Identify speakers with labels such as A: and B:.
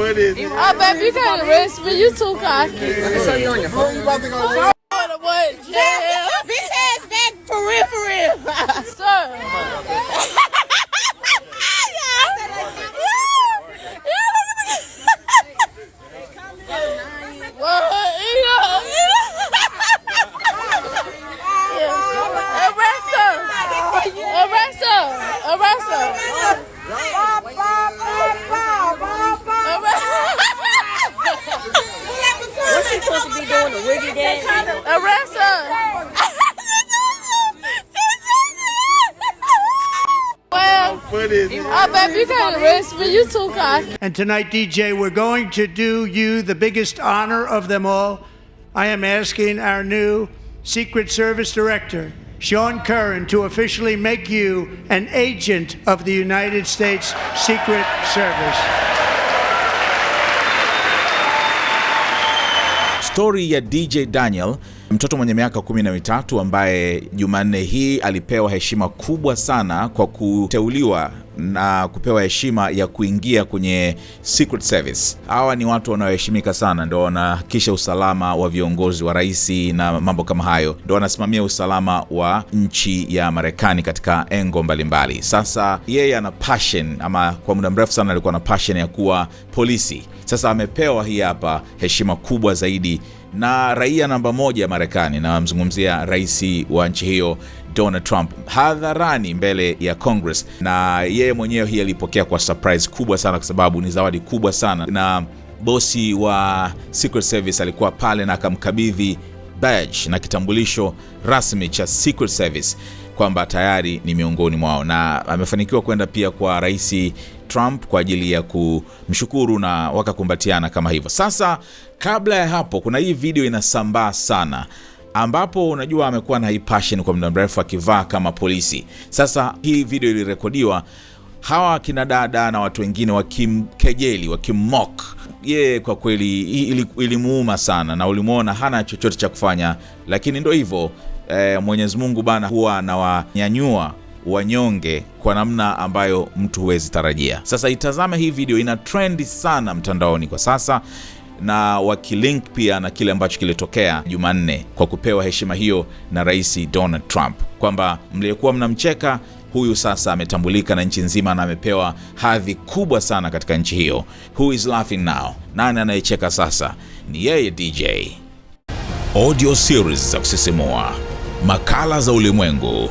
A: funny it. I Oh, baby, you can't risk me. You too cocky.
B: Let me show you on your phone.
A: What? it is. you You too, Kai.
C: And tonight, DJ, we're going to do you the biggest honor of them all. I am asking our new Secret Service Director, Sean Curran, to officially make you an agent of the United States Secret Service.
D: Story at DJ Daniel mtoto mwenye miaka kumi na mitatu ambaye Jumanne hii alipewa heshima kubwa sana kwa kuteuliwa na kupewa heshima ya kuingia kwenye Secret Service. Hawa ni watu wanaoheshimika sana, ndo wanahakikisha usalama wa viongozi wa rais na mambo kama hayo, ndo wanasimamia usalama wa nchi ya Marekani katika engo mbalimbali mbali. Sasa yeye ana passion ama kwa muda mrefu sana alikuwa na passion ya kuwa polisi. Sasa amepewa hii hapa heshima kubwa zaidi na raia namba moja ya Marekani, namzungumzia rais wa nchi hiyo Donald Trump hadharani mbele ya Congress, na yeye mwenyewe hii alipokea kwa surprise kubwa sana, kwa sababu ni zawadi kubwa sana, na bosi wa Secret Service alikuwa pale na akamkabidhi badge na kitambulisho rasmi cha Secret Service kwamba tayari ni miongoni mwao, na amefanikiwa kwenda pia kwa rais Trump kwa ajili ya kumshukuru na wakakumbatiana kama hivyo. Sasa kabla ya hapo, kuna hii video inasambaa sana ambapo unajua amekuwa na hii passion kwa muda mrefu akivaa kama polisi. Sasa hii video ilirekodiwa hawa kina dada na watu wengine wakimkejeli, wakimmock yeye. Kwa kweli ilimuuma sana, na ulimuona hana chochote cha kufanya, lakini ndo hivyo eh, Mwenyezi Mungu bana huwa anawanyanyua wanyonge kwa namna ambayo mtu huwezi tarajia. Sasa itazame hii video, ina trendi sana mtandaoni kwa sasa na wakilink pia na kile ambacho kilitokea Jumanne kwa kupewa heshima hiyo na Rais Donald Trump, kwamba mliyekuwa mnamcheka huyu sasa ametambulika na nchi nzima na amepewa hadhi kubwa sana katika nchi hiyo. Who is laughing now? Nani anayecheka sasa? Ni yeye DJ. Audio series za kusisimua, makala za ulimwengu